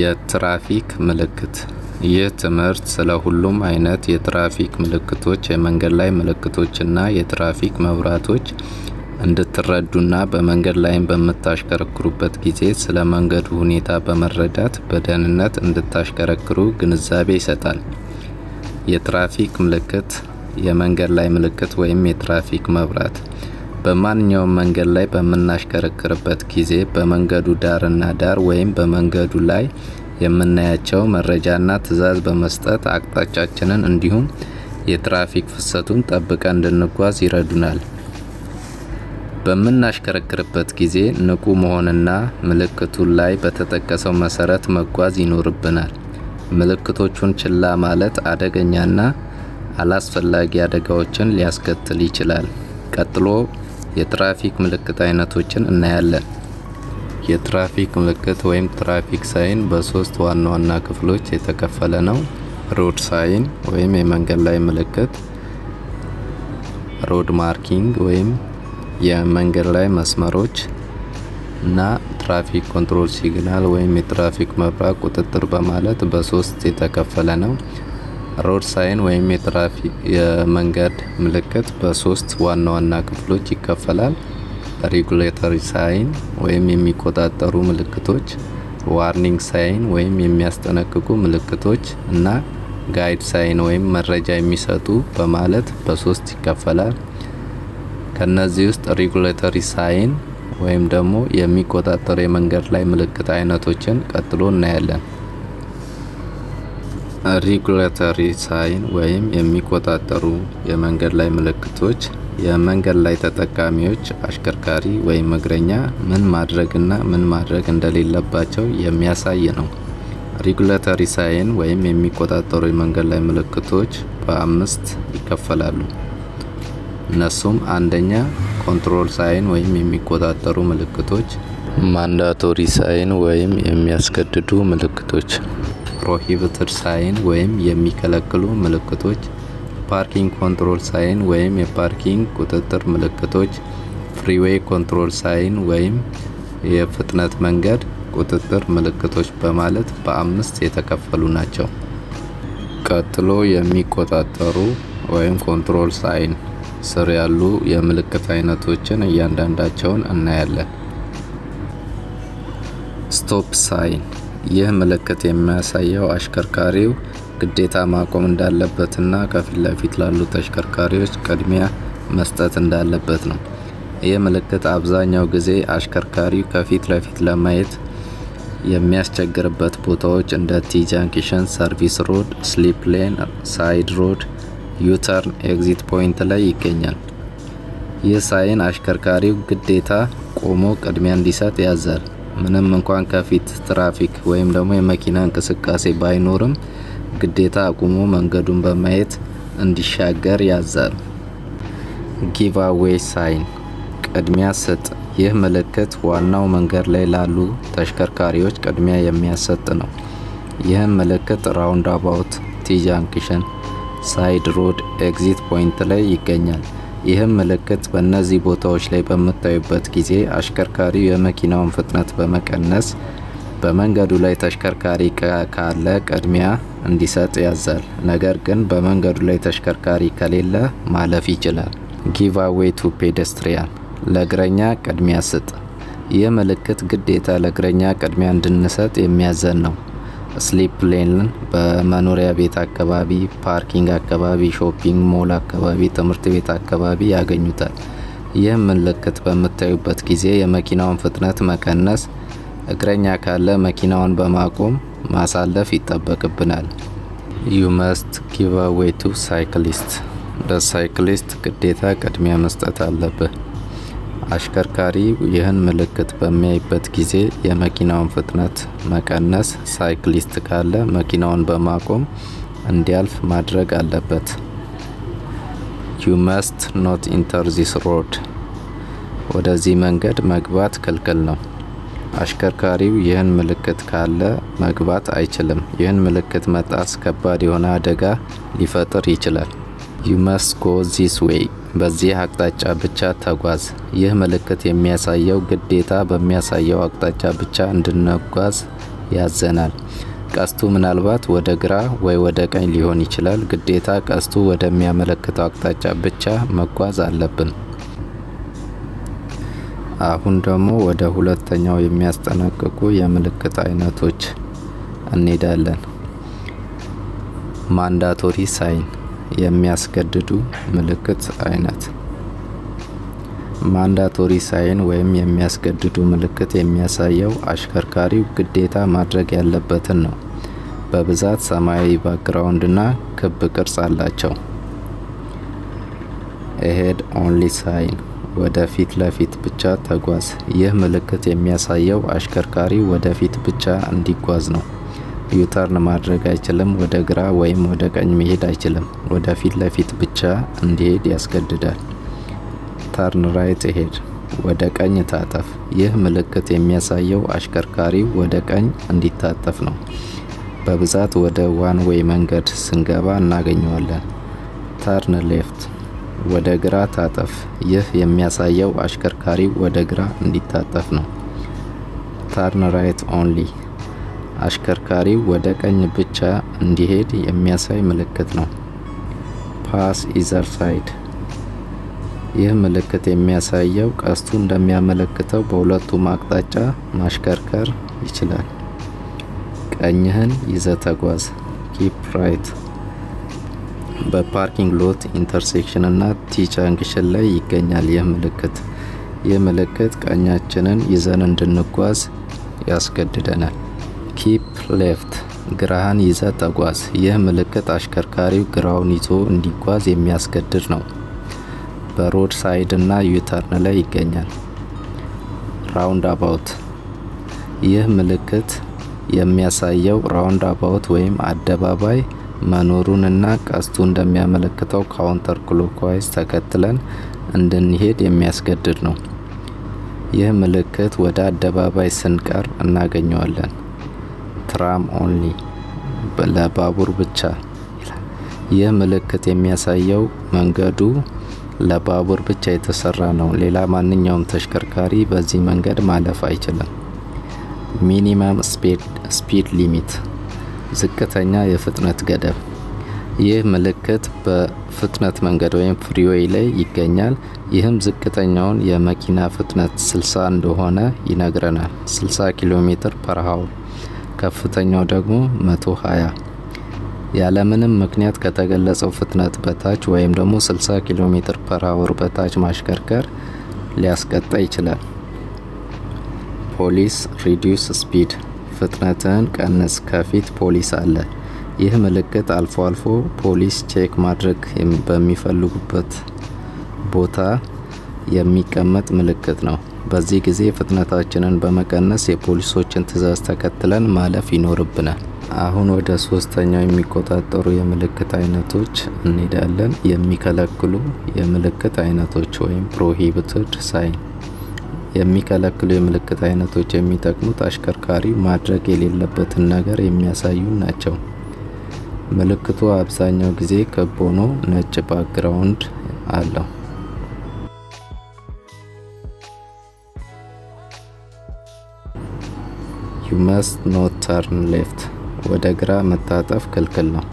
የትራፊክ ምልክት ይህ ትምህርት ስለ ሁሉም አይነት የትራፊክ ምልክቶች፣ የመንገድ ላይ ምልክቶችና የትራፊክ መብራቶች እንድትረዱና በመንገድ ላይም በምታሽከረክሩበት ጊዜ ስለ መንገዱ ሁኔታ በመረዳት በደህንነት እንድታሽከረክሩ ግንዛቤ ይሰጣል። የትራፊክ ምልክት፣ የመንገድ ላይ ምልክት ወይም የትራፊክ መብራት በማንኛውም መንገድ ላይ በምናሽከረክርበት ጊዜ በመንገዱ ዳርና ዳር ወይም በመንገዱ ላይ የምናያቸው መረጃና ትዕዛዝ በመስጠት አቅጣጫችንን እንዲሁም የትራፊክ ፍሰቱን ጠብቀን እንድንጓዝ ይረዱናል። በምናሽከረክርበት ጊዜ ንቁ መሆንና ምልክቱ ላይ በተጠቀሰው መሰረት መጓዝ ይኖርብናል። ምልክቶቹን ችላ ማለት አደገኛና አላስፈላጊ አደጋዎችን ሊያስከትል ይችላል። ቀጥሎ የትራፊክ ምልክት አይነቶችን እናያለን። የትራፊክ ምልክት ወይም ትራፊክ ሳይን በሶስት ዋና ዋና ክፍሎች የተከፈለ ነው። ሮድ ሳይን ወይም የመንገድ ላይ ምልክት፣ ሮድ ማርኪንግ ወይም የመንገድ ላይ መስመሮች እና ትራፊክ ኮንትሮል ሲግናል ወይም የትራፊክ መብራት ቁጥጥር በማለት በሶስት የተከፈለ ነው። ሮድ ሳይን ወይም የመንገድ ምልክት በሶስት ዋና ዋና ክፍሎች ይከፈላል። ሬጉሌተሪ ሳይን ወይም የሚቆጣጠሩ ምልክቶች፣ ዋርኒንግ ሳይን ወይም የሚያስጠነቅቁ ምልክቶች እና ጋይድ ሳይን ወይም መረጃ የሚሰጡ በማለት በሶስት ይከፈላል። ከነዚህ ውስጥ ሬጉሌተሪ ሳይን ወይም ደግሞ የሚቆጣጠሩ የመንገድ ላይ ምልክት አይነቶችን ቀጥሎ እናያለን። ሪጉሌተሪ ሳይን ወይም የሚቆጣጠሩ የመንገድ ላይ ምልክቶች የመንገድ ላይ ተጠቃሚዎች አሽከርካሪ ወይም እግረኛ ምን ማድረግና ምን ማድረግ እንደሌለባቸው የሚያሳይ ነው። ሪጉሌተሪ ሳይን ወይም የሚቆጣጠሩ የመንገድ ላይ ምልክቶች በአምስት ይከፈላሉ። እነሱም አንደኛ ኮንትሮል ሳይን ወይም የሚቆጣጠሩ ምልክቶች፣ ማንዳቶሪ ሳይን ወይም የሚያስገድዱ ምልክቶች የፕሮሂቢትድ ሳይን ወይም የሚከለክሉ ምልክቶች፣ ፓርኪንግ ኮንትሮል ሳይን ወይም የፓርኪንግ ቁጥጥር ምልክቶች፣ ፍሪዌይ ኮንትሮል ሳይን ወይም የፍጥነት መንገድ ቁጥጥር ምልክቶች በማለት በአምስት የተከፈሉ ናቸው። ቀጥሎ የሚቆጣጠሩ ወይም ኮንትሮል ሳይን ስር ያሉ የምልክት አይነቶችን እያንዳንዳቸውን እናያለን። ስቶፕ ሳይን ይህ ምልክት የሚያሳየው አሽከርካሪው ግዴታ ማቆም እንዳለበትና ከፊት ለፊት ላሉ ተሽከርካሪዎች ቅድሚያ መስጠት እንዳለበት ነው። ይህ ምልክት አብዛኛው ጊዜ አሽከርካሪው ከፊት ለፊት ለማየት የሚያስቸግርበት ቦታዎች እንደ ቲጃንክሽን፣ ሰርቪስ ሮድ፣ ስሊፕ ሌን፣ ሳይድ ሮድ፣ ዩተርን፣ ኤግዚት ፖይንት ላይ ይገኛል። ይህ ሳይን አሽከርካሪው ግዴታ ቆሞ ቅድሚያ እንዲሰጥ ያዛል። ምንም እንኳን ከፊት ትራፊክ ወይም ደግሞ የመኪና እንቅስቃሴ ባይኖርም ግዴታ አቁሞ መንገዱን በማየት እንዲሻገር ያዛል። ጊቫዌይ ሳይን ቅድሚያ ስጥ። ይህ ምልክት ዋናው መንገድ ላይ ላሉ ተሽከርካሪዎች ቅድሚያ የሚያሰጥ ነው። ይህም ምልክት ራውንድ አባውት፣ ቲ ጃንክሽን፣ ሳይድ ሮድ፣ ኤግዚት ፖይንት ላይ ይገኛል። ይህም ምልክት በእነዚህ ቦታዎች ላይ በምታዩበት ጊዜ አሽከርካሪው የመኪናውን ፍጥነት በመቀነስ በመንገዱ ላይ ተሽከርካሪ ካለ ቅድሚያ እንዲሰጥ ያዛል። ነገር ግን በመንገዱ ላይ ተሽከርካሪ ከሌለ ማለፍ ይችላል። ጊቫዌይ ቱ ፔደስትሪያን፣ ለእግረኛ ቅድሚያ ስጥ። ይህ ምልክት ግዴታ ለእግረኛ ቅድሚያ እንድንሰጥ የሚያዘን ነው። ስሊፕ ሌንን በመኖሪያ ቤት አካባቢ፣ ፓርኪንግ አካባቢ፣ ሾፒንግ ሞል አካባቢ፣ ትምህርት ቤት አካባቢ ያገኙታል። ይህ ምልክት በምታዩበት ጊዜ የመኪናውን ፍጥነት መቀነስ፣ እግረኛ ካለ መኪናውን በማቆም ማሳለፍ ይጠበቅብናል። ዩ መስት ጊቭ አዌይ ቱ ሳይክሊስት ለሳይክሊስት ግዴታ ቅድሚያ መስጠት አለብህ። አሽከርካሪ ይህን ምልክት በሚያይበት ጊዜ የመኪናውን ፍጥነት መቀነስ፣ ሳይክሊስት ካለ መኪናውን በማቆም እንዲያልፍ ማድረግ አለበት። ዩ መስት ኖት ኢንተር ዚስ ሮድ፣ ወደዚህ መንገድ መግባት ክልክል ነው። አሽከርካሪው ይህን ምልክት ካለ መግባት አይችልም። ይህን ምልክት መጣስ ከባድ የሆነ አደጋ ሊፈጥር ይችላል። ዩ መስት ጎ ዚስ ዌይ በዚህ አቅጣጫ ብቻ ተጓዝ። ይህ ምልክት የሚያሳየው ግዴታ በሚያሳየው አቅጣጫ ብቻ እንድንጓዝ ያዘናል። ቀስቱ ምናልባት ወደ ግራ ወይ ወደ ቀኝ ሊሆን ይችላል። ግዴታ ቀስቱ ወደሚያመለክተው አቅጣጫ ብቻ መጓዝ አለብን። አሁን ደግሞ ወደ ሁለተኛው የሚያስጠነቅቁ የምልክት አይነቶች እንሄዳለን። ማንዳቶሪ ሳይን የሚያስገድዱ ምልክት አይነት ማንዳቶሪ ሳይን ወይም የሚያስገድዱ ምልክት የሚያሳየው አሽከርካሪው ግዴታ ማድረግ ያለበትን ነው። በብዛት ሰማያዊ ባክግራውንድና ክብ ቅርጽ አላቸው። ኤሄድ ኦንሊ ሳይን ወደ ፊት ለፊት ብቻ ተጓዝ። ይህ ምልክት የሚያሳየው አሽከርካሪው ወደፊት ብቻ እንዲጓዝ ነው። ዩተርን ማድረግ አይችልም። ወደ ግራ ወይም ወደ ቀኝ መሄድ አይችልም። ወደ ፊት ለፊት ብቻ እንዲሄድ ያስገድዳል። ተርን ራይት ሄድ፣ ወደ ቀኝ ታጠፍ። ይህ ምልክት የሚያሳየው አሽከርካሪው ወደ ቀኝ እንዲታጠፍ ነው። በብዛት ወደ ዋን ዌይ መንገድ ስንገባ እናገኘዋለን። ተርን ሌፍት፣ ወደ ግራ ታጠፍ። ይህ የሚያሳየው አሽከርካሪው ወደ ግራ እንዲታጠፍ ነው። ተርን ራይት ኦንሊ አሽከርካሪው ወደ ቀኝ ብቻ እንዲሄድ የሚያሳይ ምልክት ነው። ፓስ ኢዘር ሳይድ። ይህ ምልክት የሚያሳየው ቀስቱ እንደሚያመለክተው በሁለቱም አቅጣጫ ማሽከርከር ይችላል። ቀኝህን ይዘ ተጓዝ። ኪፕ ራይት። በፓርኪንግ ሎት ኢንተርሴክሽን እና ቲ ጃንክሽን ላይ ይገኛል። ይህ ምልክት ይህ ምልክት ቀኛችንን ይዘን እንድንጓዝ ያስገድደናል። ኪፕ ሌፍት ግራህን ይዘ ተጓዝ። ይህ ምልክት አሽከርካሪው ግራውን ይዞ እንዲጓዝ የሚያስገድድ ነው። በሮድ ሳይድ እና ዩተርን ላይ ይገኛል። ራውንድ አባውት ይህ ምልክት የሚያሳየው ራውንድ አባውት ወይም አደባባይ እና ቀስቱ እንደሚያመለክተው ካውንተር ክሎክዋይዝ ተከትለን እንድንሄድ የሚያስገድድ ነው። ይህ ምልክት ወደ አደባባይ ስንቀር እናገኘዋለን። ራም ኦንሊ ለባቡር ብቻ ይህ ምልክት የሚያሳየው መንገዱ ለባቡር ብቻ የተሰራ ነው። ሌላ ማንኛውም ተሽከርካሪ በዚህ መንገድ ማለፍ አይችልም። ሚኒመም ስፒድ ሊሚት፣ ዝቅተኛ የፍጥነት ገደብ። ይህ ምልክት በፍጥነት መንገድ ወይም ፍሪዌይ ላይ ይገኛል። ይህም ዝቅተኛውን የመኪና ፍጥነት 60 እንደሆነ ይነግረናል። 60 ኪሎ ሜትር ፐር ከፍተኛው ደግሞ 120 ያለምንም ምክንያት ከተገለጸው ፍጥነት በታች ወይም ደግሞ 60 ኪሎ ሜትር ፐር አወር በታች ማሽከርከር ሊያስቀጣ ይችላል። ፖሊስ ሪዲዩስ ስፒድ፣ ፍጥነትን ቀንስ፣ ከፊት ፖሊስ አለ። ይህ ምልክት አልፎ አልፎ ፖሊስ ቼክ ማድረግ በሚፈልጉበት ቦታ የሚቀመጥ ምልክት ነው። በዚህ ጊዜ ፍጥነታችንን በመቀነስ የፖሊሶችን ትዕዛዝ ተከትለን ማለፍ ይኖርብናል። አሁን ወደ ሶስተኛው የሚቆጣጠሩ የምልክት አይነቶች እንሄዳለን። የሚከለክሉ የምልክት አይነቶች ወይም ፕሮሂቢትድ ሳይን። የሚከለክሉ የምልክት አይነቶች የሚጠቅሙት አሽከርካሪ ማድረግ የሌለበትን ነገር የሚያሳዩ ናቸው። ምልክቱ አብዛኛው ጊዜ ክብ ሆኖ ነጭ ባክግራውንድ አለው። ዩ መስት ኖት ተርን ሌፍት ወደ ግራ መታጠፍ ክልክል ነው።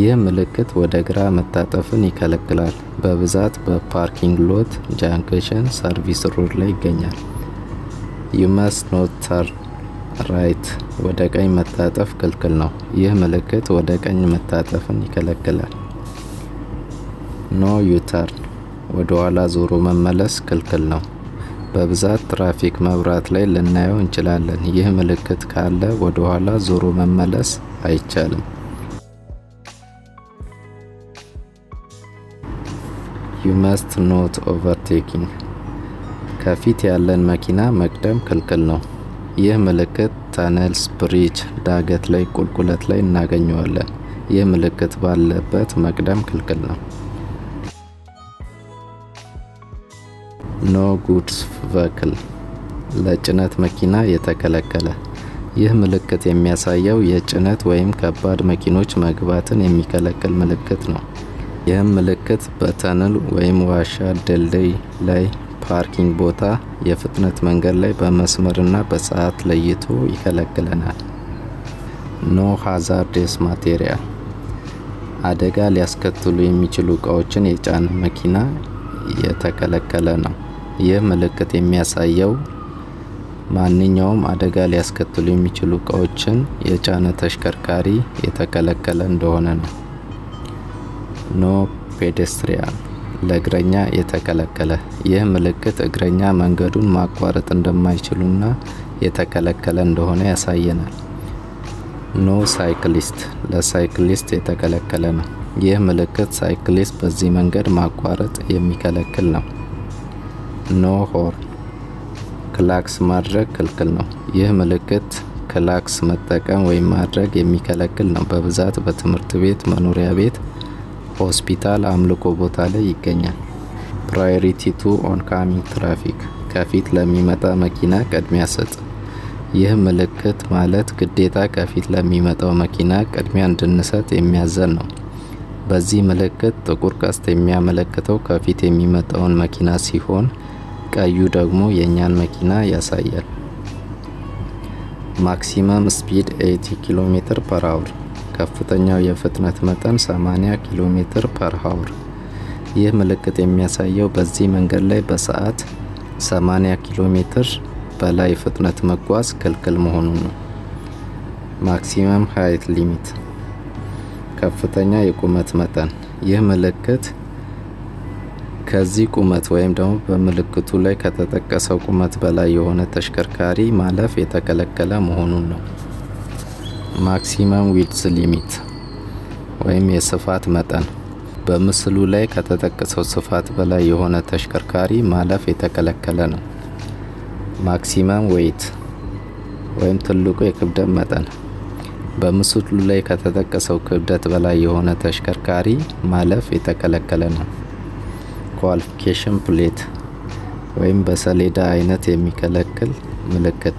ይህ ምልክት ወደ ግራ መታጠፍን ይከለክላል። በብዛት በፓርኪንግ ሎት፣ ጃንክሽን፣ ሰርቪስ ሮድ ላይ ይገኛል። ዩ መስት ኖት ተርን ራይት ወደ ቀኝ መታጠፍ ክልክል ነው። ይህ ምልክት ወደ ቀኝ መታጠፍን ይከለክላል። ኖ ዩ ተርን ወደ ኋላ ዞሮ መመለስ ክልክል ነው። በብዛት ትራፊክ መብራት ላይ ልናየው እንችላለን። ይህ ምልክት ካለ ወደ ኋላ ዞሮ መመለስ አይቻልም። ዩ መስት ኖት ኦቨርቴኪንግ፣ ከፊት ያለን መኪና መቅደም ክልክል ነው። ይህ ምልክት ተነልስ ብሪጅ፣ ዳገት ላይ ቁልቁለት ላይ እናገኘዋለን። ይህ ምልክት ባለበት መቅደም ክልክል ነው። ኖ ጉድስ ቨክል ለጭነት መኪና የተከለከለ። ይህ ምልክት የሚያሳየው የጭነት ወይም ከባድ መኪኖች መግባትን የሚከለክል ምልክት ነው። ይህም ምልክት በተንል ወይም ዋሻ፣ ድልድይ ላይ፣ ፓርኪንግ ቦታ፣ የፍጥነት መንገድ ላይ በመስመርና በሰዓት ለይቶ ይከለክለናል። ኖ ሃዛርዴስ ማቴሪያል አደጋ ሊያስከትሉ የሚችሉ እቃዎችን የጫነ መኪና የተከለከለ ነው። ይህ ምልክት የሚያሳየው ማንኛውም አደጋ ሊያስከትሉ የሚችሉ እቃዎችን የጫነ ተሽከርካሪ የተከለከለ እንደሆነ ነው። ኖ ፔደስትሪያን ለእግረኛ የተከለከለ። ይህ ምልክት እግረኛ መንገዱን ማቋረጥ እንደማይችሉና የተከለከለ እንደሆነ ያሳየናል። ኖ ሳይክሊስት ለሳይክሊስት የተከለከለ ነው። ይህ ምልክት ሳይክሊስት በዚህ መንገድ ማቋረጥ የሚከለክል ነው። ኖ ሆር ክላክስ ማድረግ ክልክል ነው። ይህ ምልክት ክላክስ መጠቀም ወይም ማድረግ የሚከለክል ነው። በብዛት በትምህርት ቤት፣ መኖሪያ ቤት፣ ሆስፒታል፣ አምልኮ ቦታ ላይ ይገኛል። ፕራዮሪቲ ቱ ኦንካሚንግ ትራፊክ ከፊት ለሚመጣ መኪና ቅድሚያ ስጥ። ይህ ምልክት ማለት ግዴታ ከፊት ለሚመጣው መኪና ቅድሚያ እንድንሰጥ የሚያዘን ነው። በዚህ ምልክት ጥቁር ቀስት የሚያመለክተው ከፊት የሚመጣውን መኪና ሲሆን ቀዩ ደግሞ የእኛን መኪና ያሳያል። ማክሲመም ስፒድ 80 ኪሎ ሜትር ፐር አውር፣ ከፍተኛው የፍጥነት መጠን 80 ኪሎ ሜትር ፐር አውር። ይህ ምልክት የሚያሳየው በዚህ መንገድ ላይ በሰዓት 80 ኪሎ ሜትር በላይ ፍጥነት መጓዝ ክልክል መሆኑን ነው። ማክሲመም ሃይት ሊሚት፣ ከፍተኛ የቁመት መጠን። ይህ ምልክት ከዚህ ቁመት ወይም ደግሞ በምልክቱ ላይ ከተጠቀሰው ቁመት በላይ የሆነ ተሽከርካሪ ማለፍ የተከለከለ መሆኑን ነው። ማክሲመም ዊድዝ ሊሚት ወይም የስፋት መጠን በምስሉ ላይ ከተጠቀሰው ስፋት በላይ የሆነ ተሽከርካሪ ማለፍ የተከለከለ ነው። ማክሲመም ዌይት ወይም ትልቁ የክብደት መጠን በምስሉ ላይ ከተጠቀሰው ክብደት በላይ የሆነ ተሽከርካሪ ማለፍ የተከለከለ ነው። ኳሊፊኬሽን ፕሌት ወይም በሰሌዳ አይነት የሚከለክል ምልክት።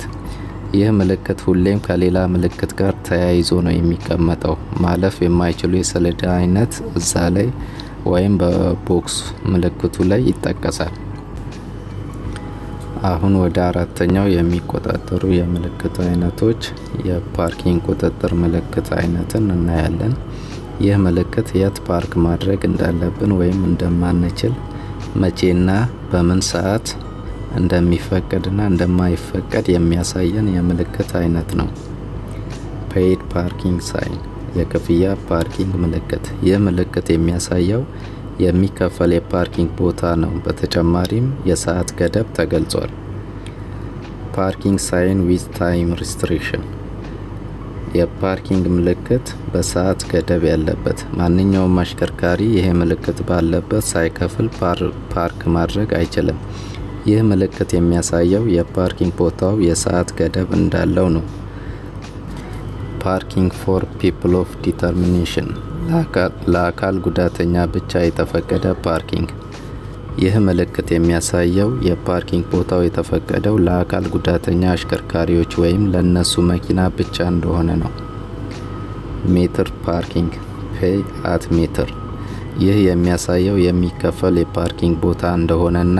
ይህ ምልክት ሁሌም ከሌላ ምልክት ጋር ተያይዞ ነው የሚቀመጠው። ማለፍ የማይችሉ የሰሌዳ አይነት እዛ ላይ ወይም በቦክስ ምልክቱ ላይ ይጠቀሳል። አሁን ወደ አራተኛው የሚቆጣጠሩ የምልክት አይነቶች የፓርኪንግ ቁጥጥር ምልክት አይነትን እናያለን። ይህ ምልክት የት ፓርክ ማድረግ እንዳለብን ወይም እንደማንችል መቼና በምን ሰዓት እንደሚፈቀድና እንደማይፈቀድ የሚያሳየን የምልክት አይነት ነው። ፔይድ ፓርኪንግ ሳይን የክፍያ ፓርኪንግ ምልክት። ይህ ምልክት የሚያሳየው የሚከፈል የፓርኪንግ ቦታ ነው። በተጨማሪም የሰዓት ገደብ ተገልጿል። ፓርኪንግ ሳይን ዊዝ ታይም ሪስትሪክሽን የፓርኪንግ ምልክት በሰዓት ገደብ ያለበት ማንኛውም አሽከርካሪ ይሄ ምልክት ባለበት ሳይከፍል ፓርክ ማድረግ አይችልም። ይህ ምልክት የሚያሳየው የፓርኪንግ ቦታው የሰዓት ገደብ እንዳለው ነው። ፓርኪንግ ፎር ፒፕል ኦፍ ዲተርሚኔሽን ለአካል ጉዳተኛ ብቻ የተፈቀደ ፓርኪንግ ይህ ምልክት የሚያሳየው የፓርኪንግ ቦታው የተፈቀደው ለአካል ጉዳተኛ አሽከርካሪዎች ወይም ለእነሱ መኪና ብቻ እንደሆነ ነው። ሜትር ፓርኪንግ ፔይ አት ሜትር። ይህ የሚያሳየው የሚከፈል የፓርኪንግ ቦታ እንደሆነና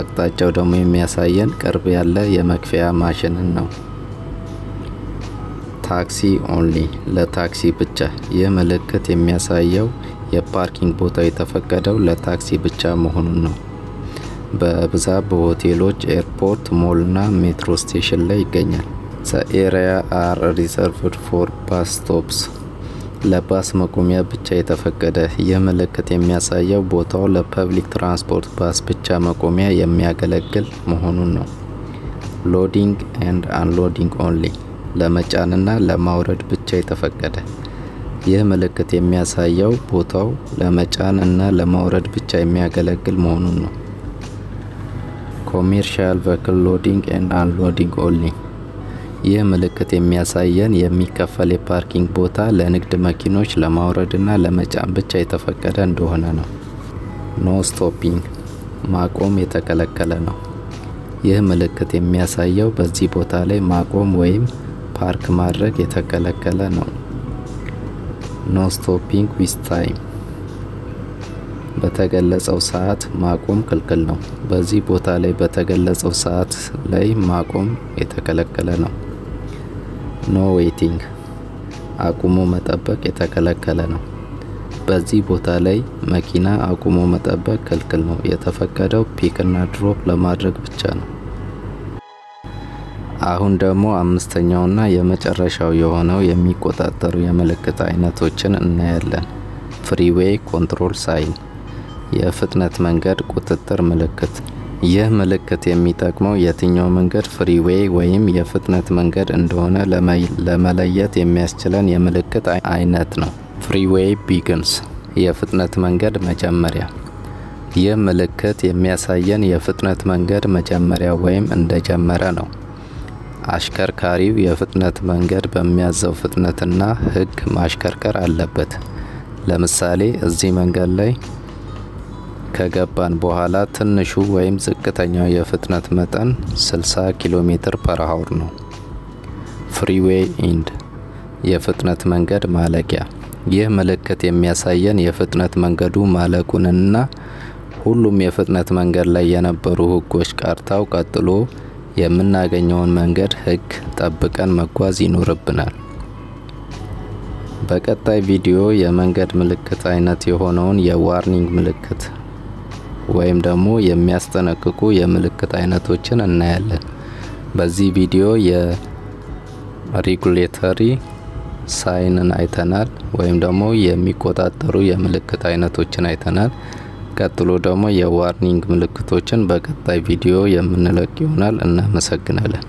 አቅጣጫው ደግሞ የሚያሳየን ቅርብ ያለ የመክፈያ ማሽንን ነው። ታክሲ ኦንሊ፣ ለታክሲ ብቻ። ይህ ምልክት የሚያሳየው የፓርኪንግ ቦታ የተፈቀደው ለታክሲ ብቻ መሆኑን ነው። በብዛት በሆቴሎች፣ ኤርፖርት፣ ሞል እና ሜትሮ ስቴሽን ላይ ይገኛል። ኤሪያ አር ሪዘርቭድ ፎር ባስ ስቶፕስ ለባስ መቆሚያ ብቻ የተፈቀደ። ይህ ምልክት የሚያሳየው ቦታው ለፐብሊክ ትራንስፖርት ባስ ብቻ መቆሚያ የሚያገለግል መሆኑን ነው። ሎዲንግ ኤንድ አንሎዲንግ ኦንሊ ለመጫንና ለማውረድ ብቻ የተፈቀደ። ይህ ምልክት የሚያሳየው ቦታው ለመጫን እና ለማውረድ ብቻ የሚያገለግል መሆኑን ነው። ኮሜርሻል ቨክል ሎዲንግ ኤንድ አንሎዲንግ ኦንሊ። ይህ ምልክት የሚያሳየን የሚከፈል የፓርኪንግ ቦታ ለንግድ መኪኖች ለማውረድ እና ለመጫን ብቻ የተፈቀደ እንደሆነ ነው። ኖ ስቶፒንግ፣ ማቆም የተከለከለ ነው። ይህ ምልክት የሚያሳየው በዚህ ቦታ ላይ ማቆም ወይም ፓርክ ማድረግ የተከለከለ ነው። ኖ ስቶፒንግ ዊዝ ታይም በተገለጸው ሰዓት ማቆም ክልክል ነው። በዚህ ቦታ ላይ በተገለጸው ሰዓት ላይ ማቆም የተከለከለ ነው። ኖ ዌይቲንግ አቁሞ መጠበቅ የተከለከለ ነው። በዚህ ቦታ ላይ መኪና አቁሞ መጠበቅ ክልክል ነው። የተፈቀደው ፒክ እና ድሮፕ ለማድረግ ብቻ ነው። አሁን ደግሞ አምስተኛውና የመጨረሻው የሆነው የሚቆጣጠሩ የምልክት አይነቶችን እናያለን። ፍሪዌይ ኮንትሮል ሳይን የፍጥነት መንገድ ቁጥጥር ምልክት። ይህ ምልክት የሚጠቅመው የትኛው መንገድ ፍሪዌይ ወይም የፍጥነት መንገድ እንደሆነ ለመለየት የሚያስችለን የምልክት አይነት ነው። ፍሪዌይ ቢግንስ የፍጥነት መንገድ መጀመሪያ። ይህ ምልክት የሚያሳየን የፍጥነት መንገድ መጀመሪያ ወይም እንደጀመረ ነው። አሽከርካሪው የፍጥነት መንገድ በሚያዘው ፍጥነትና ህግ ማሽከርከር አለበት። ለምሳሌ እዚህ መንገድ ላይ ከገባን በኋላ ትንሹ ወይም ዝቅተኛው የፍጥነት መጠን 60 ኪሎ ሜትር ፐር ሀውር ነው። ፍሪዌይ ኢንድ የፍጥነት መንገድ ማለቂያ። ይህ ምልክት የሚያሳየን የፍጥነት መንገዱ ማለቁንና ሁሉም የፍጥነት መንገድ ላይ የነበሩ ህጎች ካርታው ቀጥሎ የምናገኘውን መንገድ ህግ ጠብቀን መጓዝ ይኖርብናል። በቀጣይ ቪዲዮ የመንገድ ምልክት አይነት የሆነውን የዋርኒንግ ምልክት ወይም ደግሞ የሚያስጠነቅቁ የምልክት አይነቶችን እናያለን። በዚህ ቪዲዮ የሬጉሌተሪ ሳይንን አይተናል፣ ወይም ደግሞ የሚቆጣጠሩ የምልክት አይነቶችን አይተናል። ቀጥሎ ደግሞ የዋርኒንግ ምልክቶችን በቀጣይ ቪዲዮ የምንለቅ ይሆናል። እናመሰግናለን።